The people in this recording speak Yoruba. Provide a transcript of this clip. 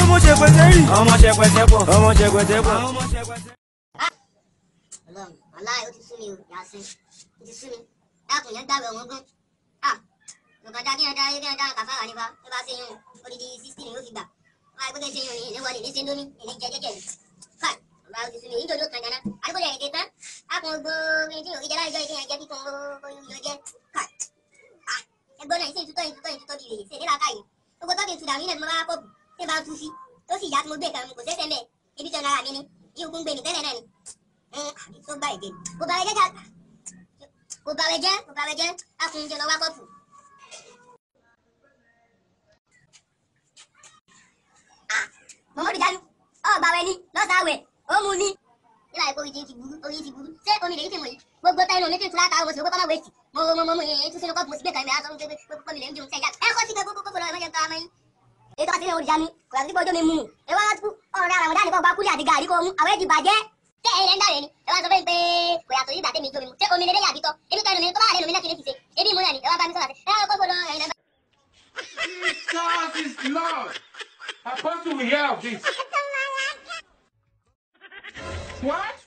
ọmọ ṣẹpẹtẹ rì ọmọ ṣẹpẹtẹ pọ̀ ọmọ ṣẹpẹtẹ pọ̀. ọlọ́run aláì ó ti sú mi o yàtọ̀ ó ti sú mi dákun yẹn gbàgbé ọmọ gún nǹkan dá kí ẹ dá kí ẹ dá kàfàrà nípa ẹ bá ṣe yún odidi sixteen yóò fi gbà wọn àgbẹ̀kẹ̀ ṣe yún ní ìlú wọlé ní sẹ́ńdómì èmi jẹ jẹjẹ yìí fáì ọba ó ti sú mi yìí dòdò kan jana àdúgbò yẹn èké tán á kún gbó ẹni tí yóò fi jẹ láìjọ ìdí yẹn jẹ kíkún yóò jẹ fáì ẹgbọ́n náà ìsìn ìtútọ́ ìtútọ́ ìtútọ́ bìbì ṣèlérí àkáyè gbogbo tó kì í tu dàmí náà mo bá pọ̀ bù tó bá tú sí tó sì yá tí mo gbé nǹkan mu kò sẹ́sẹ̀ ibi tí ọ̀nà mi ni yíò kún gbé mi tẹ́lẹ̀ náà ni àbí tó bá èdè kò bá wẹjẹ́ kò bá wẹjẹ́ kò bá wẹjẹ́ akùn jẹ lọ wá kọ́pù. mọ̀mọ́ bìdájú ọ̀gbà wẹ̀ ni lọ́sàáwẹ̀ ó mu mi nígbà yìí kó oyin ti burú oyin ti burú ṣé omi lè yí ti mọ̀ yìí gbogbo táyé lómi ti tura ta oṣù gbogbo ọmọ wẹ̀ sí mo mo mo mo yẹn tún sínú kọ́ọ̀bù mo sì gbé kan ìgbà yà sọ fún pé pé pọ́mi lè ń jẹun sẹ́yà ẹ kọ́ sí pé kókó kókó lọ́wọ́ ẹ̀ mọ́jọ́ tó a máa ètò àti ilé òrìṣà mi kò yàtọ̀ sí pé ojú mi mú un ẹ wá láti ọ̀rọ̀ ara wọn dáàdì kọ́ àti gàrí kó mu àwọn èjì bàjẹ́. tẹ ẹ lẹ ń dàrẹ ni ẹ wá sọ fún mi pé kò yàtọ̀ sí ìgbà tẹ̀mí ìjọmi mu ṣé omi lè léyà àbítọ́ ebi tọ́ ẹnu mi tó bá wà lẹ́nu mi náà kí lè fi ṣe ebi ìmúlẹ̀ ni ẹ wá bá mi sọ̀rọ̀ àti ẹ Jesus is Lord. Apostle, we hear of this. What?